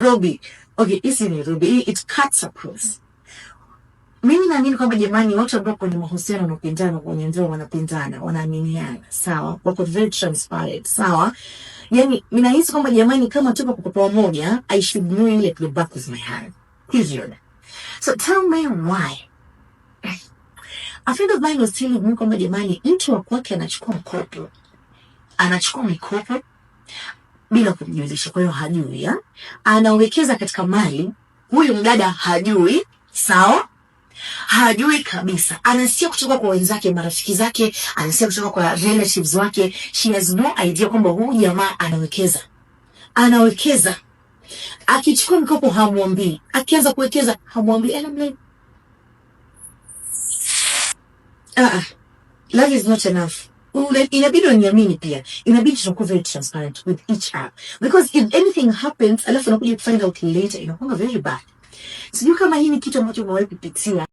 Nairobi. Okay, hii si Nairobi. Hii it cuts across. Mimi naamini kwamba jamani, watu ambao kwenye mahusiano wanapendana, kwenye ndoa wanapendana, wanaaminiana, sawa, wako very transparent, sawa. Yani mimi nahisi kwamba jamani, kama tuko kwa pamoja, I should know you at the back of my hand, hivyo. So tell me why a friend of mine was telling me kwamba jamani, mtu wa kwake anachukua mkopo, anachukua mikopo bila kumjulisha, kwa hiyo hajui. Eh? Anawekeza katika mali, huyu mdada hajui, sawa hajui kabisa, anasikia kutoka kwa wenzake, marafiki zake, anasikia kutoka kwa relatives wake. She has no idea kwamba huyu jamaa anawekeza, anawekeza. Akichukua mkopo hamwambii, akianza kuwekeza hamwambii. Like, uh, love is not enough inabidi uniamini pia, inabidi tutakuwa very transparent with each other because if anything happens alafu unakuja kufind out later inakuwa very bad. Sijui kama hii ni kitu ambacho umewahi kupitia.